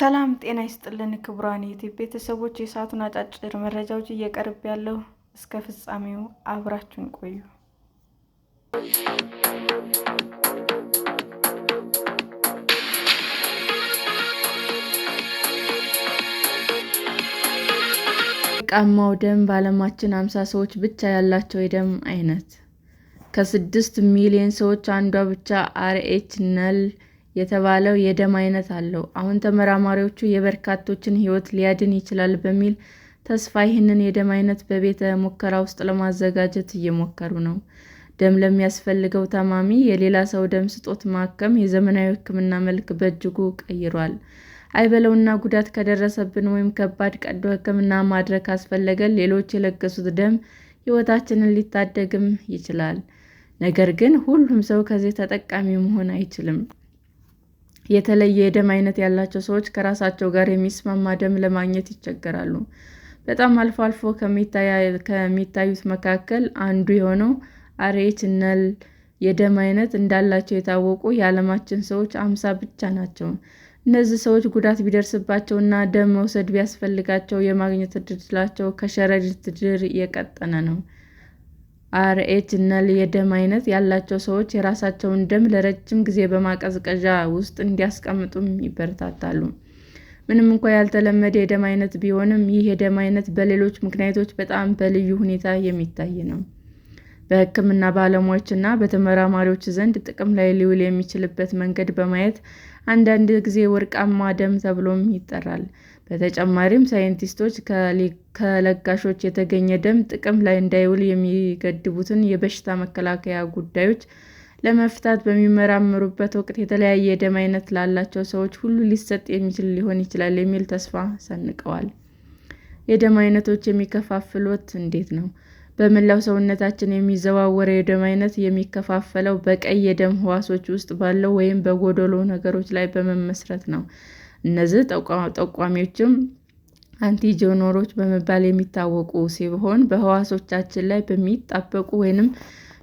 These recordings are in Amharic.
ሰላም ጤና ይስጥልን ክቡራን ዩቲዩብ ቤተሰቦች፣ የሰዓቱን አጫጭር መረጃዎች እየቀርብ ያለው እስከ ፍጻሜው አብራችሁን ቆዩ። ወርቃማው ደም በዓለማችን አምሳ ሰዎች ብቻ ያላቸው የደም አይነት። ከስድስት ሚሊዮን ሰዎች አንዷ ብቻ አርኤች ነል የተባለው የደም አይነት አለው። አሁን ተመራማሪዎቹ የበርካቶችን ሕይወት ሊያድን ይችላል በሚል ተስፋ ይህንን የደም ዓይነት በቤተ ሙከራ ውስጥ ለማዘጋጀት እየሞከሩ ነው። ደም ለሚያስፈልገው ታማሚ የሌላ ሰው ደም ስጦት ማከም የዘመናዊ ሕክምና መልክ በእጅጉ ቀይሯል። አይበለውና ጉዳት ከደረሰብን ወይም ከባድ ቀዶ ሕክምና ማድረግ ካስፈለገን ሌሎች የለገሱት ደም ሕይወታችንን ሊታደግም ይችላል። ነገር ግን ሁሉም ሰው ከዚህ ተጠቃሚ መሆን አይችልም። የተለየ የደም አይነት ያላቸው ሰዎች ከራሳቸው ጋር የሚስማማ ደም ለማግኘት ይቸገራሉ። በጣም አልፎ አልፎ ከሚታዩት መካከል አንዱ የሆነው አርኤች ነል የደም አይነት እንዳላቸው የታወቁ የዓለማችን ሰዎች አምሳ ብቻ ናቸው። እነዚህ ሰዎች ጉዳት ቢደርስባቸውና ደም መውሰድ ቢያስፈልጋቸው የማግኘት ዕድላቸው ከሸረሪት ድር የቀጠነ ነው። አርኤች እና የደም አይነት ያላቸው ሰዎች የራሳቸውን ደም ለረጅም ጊዜ በማቀዝቀዣ ውስጥ እንዲያስቀምጡም ይበረታታሉ። ምንም እንኳ ያልተለመደ የደም አይነት ቢሆንም፣ ይህ የደም አይነት በሌሎች ምክንያቶች በጣም በልዩ ሁኔታ የሚታይ ነው። በሕክምና ባለሙያዎች እና በተመራማሪዎች ዘንድ ጥቅም ላይ ሊውል የሚችልበት መንገድ በማየት አንዳንድ ጊዜ ወርቃማ ደም ተብሎም ይጠራል። በተጨማሪም ሳይንቲስቶች ከለጋሾች የተገኘ ደም ጥቅም ላይ እንዳይውል የሚገድቡትን የበሽታ መከላከያ ጉዳዮች ለመፍታት በሚመራመሩበት ወቅት የተለያየ የደም አይነት ላላቸው ሰዎች ሁሉ ሊሰጥ የሚችል ሊሆን ይችላል የሚል ተስፋ ሰንቀዋል። የደም አይነቶች የሚከፋፍሉት እንዴት ነው? በመላው ሰውነታችን የሚዘዋወረው የደም አይነት የሚከፋፈለው በቀይ የደም ህዋሶች ውስጥ ባለው ወይም በጎደሎ ነገሮች ላይ በመመስረት ነው። እነዚህ ጠቋሚዎችም አንቲጆኖሮች በመባል የሚታወቁ ሲሆን በህዋሶቻችን ላይ በሚጣበቁ ወይንም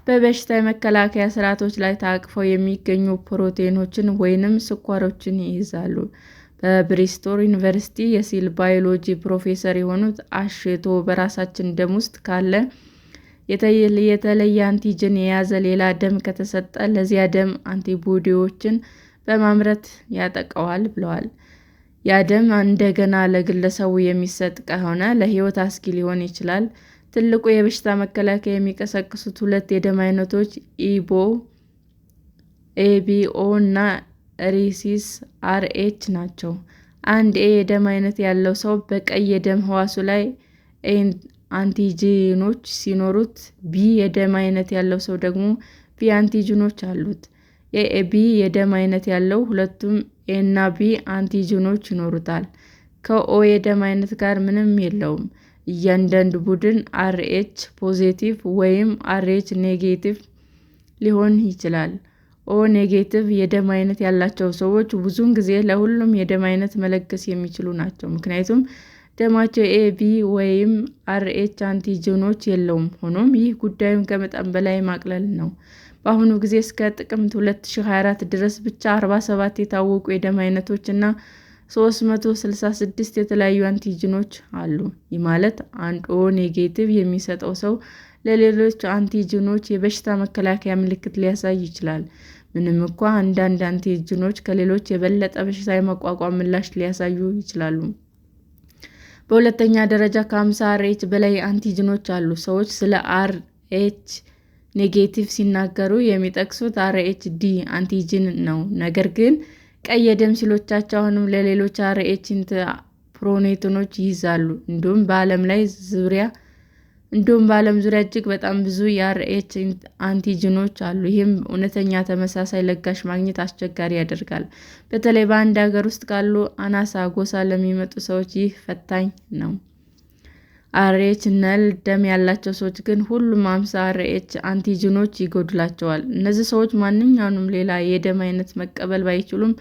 በበሽታ የመከላከያ ስርዓቶች ላይ ታቅፈው የሚገኙ ፕሮቲኖችን ወይንም ስኳሮችን ይይዛሉ። በብሪስቶል ዩኒቨርሲቲ የሴል ባዮሎጂ ፕሮፌሰር የሆኑት አሽቶ በራሳችን ደም ውስጥ ካለ የተለየ አንቲጅን የያዘ ሌላ ደም ከተሰጠ ለዚያ ደም አንቲቦዲዎችን በማምረት ያጠቀዋል ብለዋል። ያ ደም እንደገና ለግለሰቡ የሚሰጥ ከሆነ ለሕይወት አስጊ ሊሆን ይችላል። ትልቁ የበሽታ መከላከያ የሚቀሰቅሱት ሁለት የደም አይነቶች ኤቢኦ እና ሪሲስ አርኤች ናቸው። አንድ ኤ የደም አይነት ያለው ሰው በቀይ የደም ህዋሱ ላይ አንቲጂኖች ሲኖሩት፣ ቢ የደም አይነት ያለው ሰው ደግሞ ቢ አንቲጂኖች አሉት። ኤኤቢ የደም አይነት ያለው ሁለቱም ኤና ቢ አንቲጂኖች ይኖሩታል። ከኦ የደም አይነት ጋር ምንም የለውም። እያንዳንዱ ቡድን አርኤች ፖዚቲቭ ወይም አርኤች ኔጌቲቭ ሊሆን ይችላል። ኦ ኔጌቲቭ የደም አይነት ያላቸው ሰዎች ብዙውን ጊዜ ለሁሉም የደም አይነት መለገስ የሚችሉ ናቸው፣ ምክንያቱም ደማቸው ኤ ቢ ወይም አርኤች አንቲጂኖች የለውም። ሆኖም ይህ ጉዳዩን ከመጠን በላይ ማቅለል ነው። በአሁኑ ጊዜ እስከ ጥቅምት 2024 ድረስ ብቻ 47 የታወቁ የደም አይነቶች እና 366 የተለያዩ አንቲጂኖች አሉ። ይህ ማለት አንድ ኦ ኔጌቲቭ የሚሰጠው ሰው ለሌሎች አንቲጂኖች የበሽታ መከላከያ ምልክት ሊያሳይ ይችላል። ምንም እንኳ አንዳንድ አንቲጂኖች ከሌሎች የበለጠ በሽታ የመቋቋም ምላሽ ሊያሳዩ ይችላሉ። በሁለተኛ ደረጃ ከ50 አርኤች በላይ አንቲጂኖች አሉ። ሰዎች ስለ አርኤች ኔጌቲቭ ሲናገሩ የሚጠቅሱት አርኤችዲ አንቲጅን ነው። ነገር ግን ቀይ የደም ሴሎቻቸው አሁንም ለሌሎች አርኤችዲ ፕሮቲኖች ይይዛሉ። እንዲሁም በዓለም ላይ ዙሪያ እንዲሁም በዓለም ዙሪያ እጅግ በጣም ብዙ የአርኤች አንቲጂኖች አሉ። ይህም እውነተኛ ተመሳሳይ ለጋሽ ማግኘት አስቸጋሪ ያደርጋል። በተለይ በአንድ ሀገር ውስጥ ካሉ አናሳ ጎሳ ለሚመጡ ሰዎች ይህ ፈታኝ ነው። አርኤች ነል ደም ያላቸው ሰዎች ግን ሁሉም አምሳ አርኤች አንቲጅኖች ይጎድላቸዋል። እነዚህ ሰዎች ማንኛውንም ሌላ የደም አይነት መቀበል ባይችሉም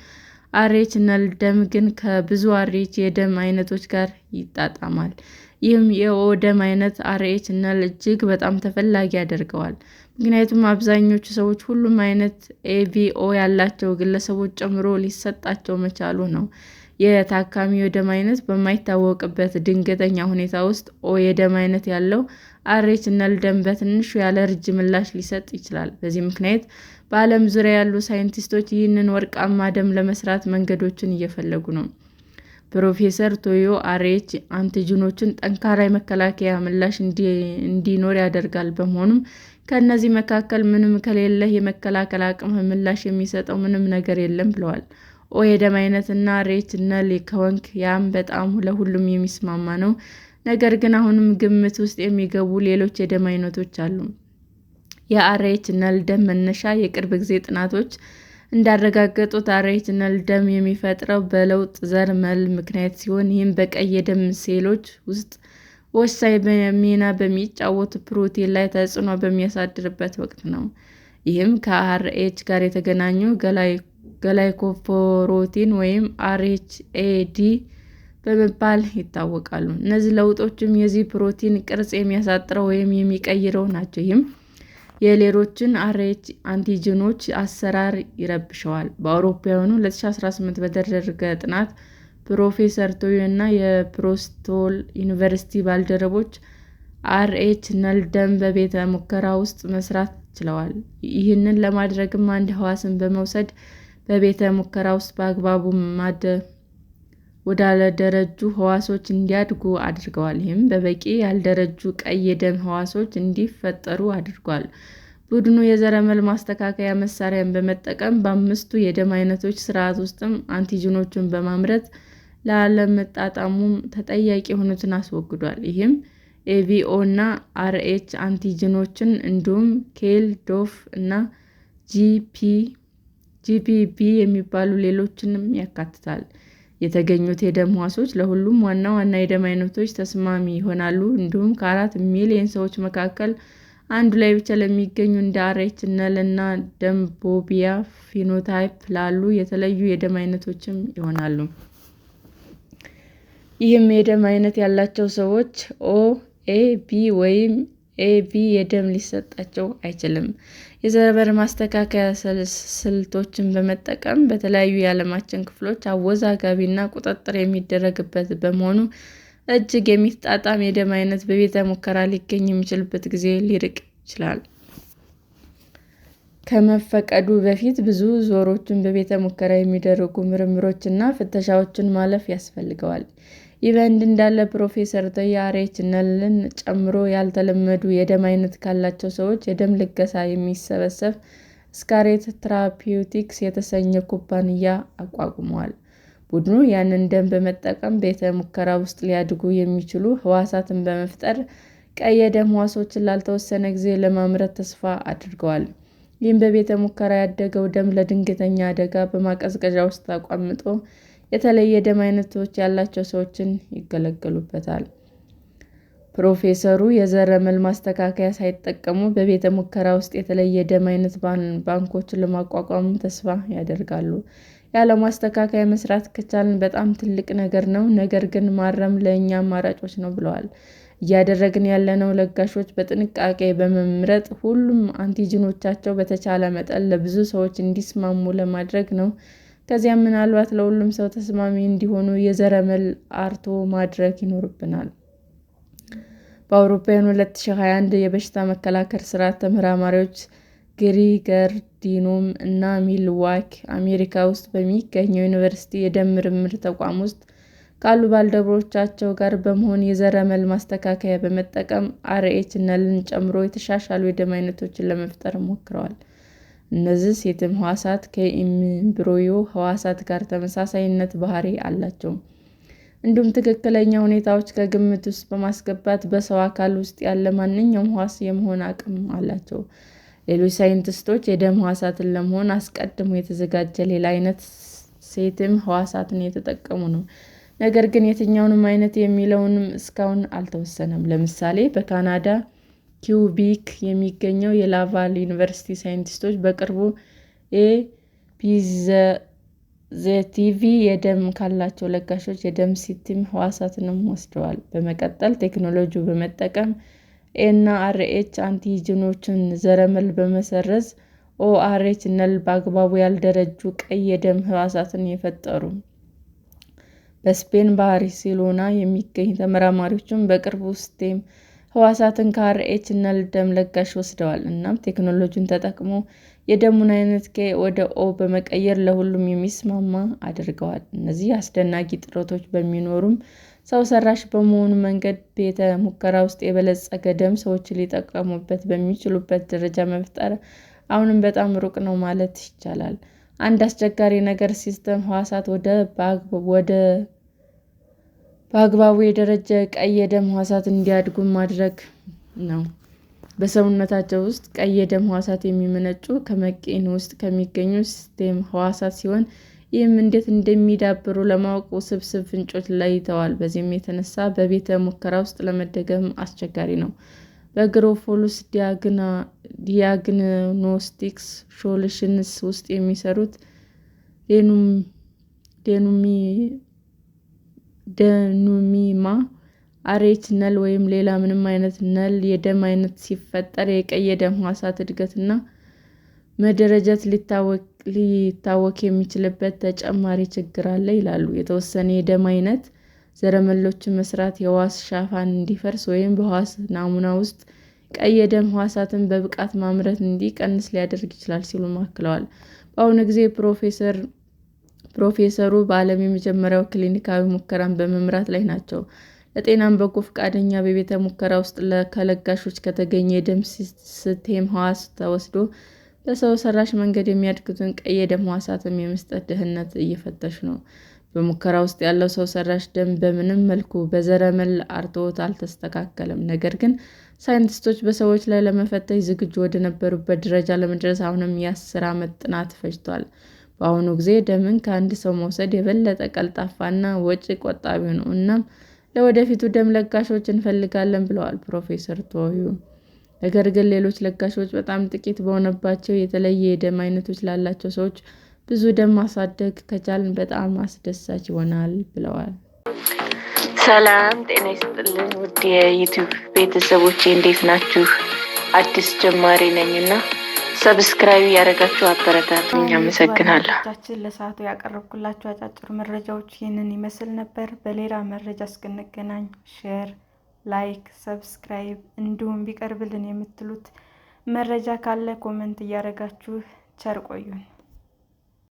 አርኤች ነል ደም ግን ከብዙ አርኤች የደም አይነቶች ጋር ይጣጣማል። ይህም የኦ ደም አይነት አርኤች ነል እጅግ በጣም ተፈላጊ ያደርገዋል። ምክንያቱም አብዛኞቹ ሰዎች ሁሉም አይነት ኤቢኦ ያላቸው ግለሰቦች ጨምሮ ሊሰጣቸው መቻሉ ነው። የታካሚ የደም አይነት በማይታወቅበት ድንገተኛ ሁኔታ ውስጥ ኦ የደም አይነት ያለው አሬች ደም በትንሹ ያለ እርጅ ምላሽ ሊሰጥ ይችላል። በዚህ ምክንያት በዓለም ዙሪያ ያሉ ሳይንቲስቶች ይህንን ወርቃማ ደም ለመስራት መንገዶችን እየፈለጉ ነው። ፕሮፌሰር ቶዮ አሬች አንቲጂኖችን ጠንካራ የመከላከያ ምላሽ እንዲኖር ያደርጋል። በመሆኑም ከእነዚህ መካከል ምንም ከሌለህ የመከላከል አቅምህ ምላሽ የሚሰጠው ምንም ነገር የለም ብለዋል። ኦ አይነት እና ሬት እነ ሌከወንክ ያም በጣም ለሁሉም የሚስማማ ነው። ነገር ግን አሁንም ግምት ውስጥ የሚገቡ ሌሎች የደም አይነቶች አሉ። የአርኤች ነል ደም መነሻ የቅርብ ጊዜ ጥናቶች እንዳረጋገጡት አርኤች ነል ደም የሚፈጥረው በለውጥ ዘር መል ምክንያት ሲሆን ይህም በቀይ የደም ሴሎች ውስጥ ወሳኝ ሚና በሚጫወት ፕሮቲን ላይ ተጽዕኖ በሚያሳድርበት ወቅት ነው። ይህም ከአርኤች ጋር የተገናኙ ግላይኮፕሮቲን ወይም አርኤችኤዲ በመባል ይታወቃሉ። እነዚህ ለውጦችም የዚህ ፕሮቲን ቅርጽ የሚያሳጥረው ወይም የሚቀይረው ናቸው። ይህም የሌሎችን አርኤች አንቲጅኖች አሰራር ይረብሸዋል። በአውሮፓውያኑ 2018 በተደረገ ጥናት ፕሮፌሰር ቶዮ እና ዩኒቨርሲቲ ባልደረቦች አርኤች ነል ደም በቤተ ሙከራ ውስጥ መስራት ችለዋል። ይህንን ለማድረግም አንድ ሕዋስን በመውሰድ በቤተ ሙከራ ውስጥ በአግባቡ ወዳልደረጁ ህዋሶች እንዲያድጉ አድርገዋል። ይህም በበቂ ያልደረጁ ቀይ የደም ህዋሶች እንዲፈጠሩ አድርጓል። ቡድኑ የዘረመል ማስተካከያ መሳሪያን በመጠቀም በአምስቱ የደም አይነቶች ስርዓት ውስጥም አንቲጂኖችን በማምረት ላለመጣጣሙም ተጠያቂ የሆኑትን አስወግዷል። ይህም ኤቪኦ እና አርኤች አንቲጂኖችን እንዲሁም ኬል ዶፍ እና ጂፒ ጂፒፒ የሚባሉ ሌሎችንም ያካትታል። የተገኙት የደም ህዋሶች ለሁሉም ዋና ዋና የደም አይነቶች ተስማሚ ይሆናሉ። እንዲሁም ከአራት ሚሊዮን ሰዎች መካከል አንዱ ላይ ብቻ ለሚገኙ እንደ አሬች ነል እና ደምቦቢያ ፊኖታይፕ ላሉ የተለዩ የደም አይነቶችም ይሆናሉ። ይህም የደም አይነት ያላቸው ሰዎች ኦ፣ ኤ፣ ቢ ወይም ኤቢ የደም ሊሰጣቸው አይችልም። የዘረበር ማስተካከያ ስልቶችን በመጠቀም በተለያዩ የዓለማችን ክፍሎች አወዛጋቢና ቁጥጥር የሚደረግበት በመሆኑ እጅግ የሚጣጣም የደም አይነት በቤተ ሙከራ ሊገኝ የሚችልበት ጊዜ ሊርቅ ይችላል። ከመፈቀዱ በፊት ብዙ ዞሮችን በቤተ ሙከራ የሚደረጉ ምርምሮችና ፍተሻዎችን ማለፍ ያስፈልገዋል። ይህ በእንዲህ እንዳለ ፕሮፌሰር ቶዬ አርኤችኤልን ጨምሮ ያልተለመዱ የደም ዓይነት ካላቸው ሰዎች የደም ልገሳ የሚሰበሰብ ስካሬት ትራፒዩቲክስ የተሰኘ ኩባንያ አቋቁመዋል። ቡድኑ ያንን ደም በመጠቀም ቤተ ሙከራ ውስጥ ሊያድጉ የሚችሉ ህዋሳትን በመፍጠር ቀይ የደም ሕዋሶችን ላልተወሰነ ጊዜ ለማምረት ተስፋ አድርገዋል። ይህም በቤተ ሙከራ ያደገው ደም ለድንገተኛ አደጋ በማቀዝቀዣ ውስጥ ተቀምጦ የተለየ ደም አይነቶች ያላቸው ሰዎችን ይገለገሉበታል። ፕሮፌሰሩ የዘረመል ማስተካከያ ሳይጠቀሙ በቤተ ሙከራ ውስጥ የተለየ ደም አይነት ባንኮችን ለማቋቋም ተስፋ ያደርጋሉ። ያለ ማስተካከያ መስራት ከቻልን በጣም ትልቅ ነገር ነው፣ ነገር ግን ማረም ለእኛ አማራጮች ነው ብለዋል። እያደረግን ያለነው ለጋሾች በጥንቃቄ በመምረጥ ሁሉም አንቲጂኖቻቸው በተቻለ መጠን ለብዙ ሰዎች እንዲስማሙ ለማድረግ ነው ከዚያ ምናልባት ለሁሉም ሰው ተስማሚ እንዲሆኑ የዘረመል አርቶ ማድረግ ይኖርብናል። በአውሮፓውያን 2021 የበሽታ መከላከል ስርዓት ተመራማሪዎች ግሪገርዲኖም እና ሚልዋኪ አሜሪካ ውስጥ በሚገኘው ዩኒቨርሲቲ የደም ምርምር ተቋም ውስጥ ካሉ ባልደረቦቻቸው ጋር በመሆን የዘረመል ማስተካከያ በመጠቀም አርኤችነልን ጨምሮ የተሻሻሉ የደም አይነቶችን ለመፍጠር ሞክረዋል። እነዚህ ሴትም ህዋሳት ከኢምብሪዮ ህዋሳት ጋር ተመሳሳይነት ባህሪ አላቸው። እንዲሁም ትክክለኛ ሁኔታዎች ከግምት ውስጥ በማስገባት በሰው አካል ውስጥ ያለ ማንኛውም ህዋስ የመሆን አቅም አላቸው። ሌሎች ሳይንቲስቶች የደም ህዋሳትን ለመሆን አስቀድሞ የተዘጋጀ ሌላ አይነት ሴትም ህዋሳትን እየተጠቀሙ ነው። ነገር ግን የትኛውንም አይነት የሚለውንም እስካሁን አልተወሰነም። ለምሳሌ በካናዳ ኪውቢክ የሚገኘው የላቫል ዩኒቨርሲቲ ሳይንቲስቶች በቅርቡ ኤፒዘቲቪ የደም ካላቸው ለጋሾች የደም ሲቲ ህዋሳትንም ወስደዋል። በመቀጠል ቴክኖሎጂው በመጠቀም አርኤች አንቲጂኖችን ዘረመል በመሰረዝ ኦአርኤች ነል በአግባቡ ያልደረጁ ቀይ የደም ህዋሳትን የፈጠሩ በስፔን ባርሴሎና የሚገኝ ተመራማሪዎችን በቅርቡ ስቴም ህዋሳትን ከአርኤች እና ደም ለጋሽ ወስደዋል። እናም ቴክኖሎጂን ተጠቅሞ የደሙን አይነት "ኬ" ወደ "ኦ" በመቀየር ለሁሉም የሚስማማ አድርገዋል። እነዚህ አስደናቂ ጥረቶች በሚኖሩም ሰው ሰራሽ በመሆኑ መንገድ ቤተ-ሙከራ ውስጥ የበለጸገ ደም ሰዎች ሊጠቀሙበት በሚችሉበት ደረጃ መፍጠር አሁንም በጣም ሩቅ ነው ማለት ይቻላል። አንድ አስቸጋሪ ነገር ሲስተም ህዋሳት ወደ ባግ ወደ በአግባቡ የደረጀ ቀይ የደም ህዋሳት እንዲያድጉ ማድረግ ነው። በሰውነታቸው ውስጥ ቀይ የደም ህዋሳት የሚመነጩ ከመቄን ውስጥ ከሚገኙ ስቴም ህዋሳት ሲሆን ይህም እንዴት እንደሚዳብሩ ለማወቅ ውስብስብ ፍንጮች ለይተዋል። በዚህም የተነሳ በቤተ ሙከራ ውስጥ ለመደገም አስቸጋሪ ነው። በግሮፎሉስ ዲያግኖስቲክስ ሾልሽንስ ውስጥ የሚሰሩት ኑሚ ደኑሚማ አሬች ነል ወይም ሌላ ምንም አይነት ነል የደም አይነት ሲፈጠር የቀይ የደም ህዋሳት እድገትና መደረጀት ሊታወክ የሚችልበት ተጨማሪ ችግር አለ ይላሉ። የተወሰነ የደም አይነት ዘረመሎችን መስራት፣ የዋስ ሻፋን እንዲፈርስ ወይም በዋስ ናሙና ውስጥ ቀይ የደም ህዋሳትን በብቃት ማምረት እንዲቀንስ ሊያደርግ ይችላል ሲሉም አክለዋል። በአሁኑ ጊዜ ፕሮፌሰር ፕሮፌሰሩ በዓለም የመጀመሪያው ክሊኒካዊ ሙከራን በመምራት ላይ ናቸው። ለጤናም በጎ ፈቃደኛ በቤተ ሙከራ ውስጥ ከለጋሾች ከተገኘ የደም ስቴም ህዋስ ተወስዶ በሰው ሰራሽ መንገድ የሚያድጉትን ቀይ የደም ህዋሳትም የመስጠት ደህንነት እየፈተሽ ነው። በሙከራ ውስጥ ያለው ሰው ሰራሽ ደም በምንም መልኩ በዘረመል አርትዖት አልተስተካከለም። ነገር ግን ሳይንቲስቶች በሰዎች ላይ ለመፈተሽ ዝግጁ ወደነበሩበት ደረጃ ለመድረስ አሁንም የአስር ዓመት ጥናት ፈጅቷል። በአሁኑ ጊዜ ደምን ከአንድ ሰው መውሰድ የበለጠ ቀልጣፋና ወጪ ቆጣቢ ነው። እናም ለወደፊቱ ደም ለጋሾች እንፈልጋለን ብለዋል ፕሮፌሰር ቶዩ። ነገር ግን ሌሎች ለጋሾች በጣም ጥቂት በሆነባቸው የተለየ የደም አይነቶች ላላቸው ሰዎች ብዙ ደም ማሳደግ ከቻልን በጣም አስደሳች ይሆናል ብለዋል። ሰላም ጤና ይስጥልን ውድ የዩቲዩብ ቤተሰቦቼ እንዴት ናችሁ? አዲስ ጀማሪ ነኝና ሰብስክራይብ ያደረጋችሁ አበረታቱ። አመሰግናለሁ። ለሰዓቱ ያቀረብኩላችሁ አጫጭር መረጃዎች ይህንን ይመስል ነበር። በሌላ መረጃ እስክንገናኝ ሼር፣ ላይክ፣ ሰብስክራይብ እንዲሁም ቢቀርብልን የምትሉት መረጃ ካለ ኮመንት እያደረጋችሁ ቸር ቆዩን።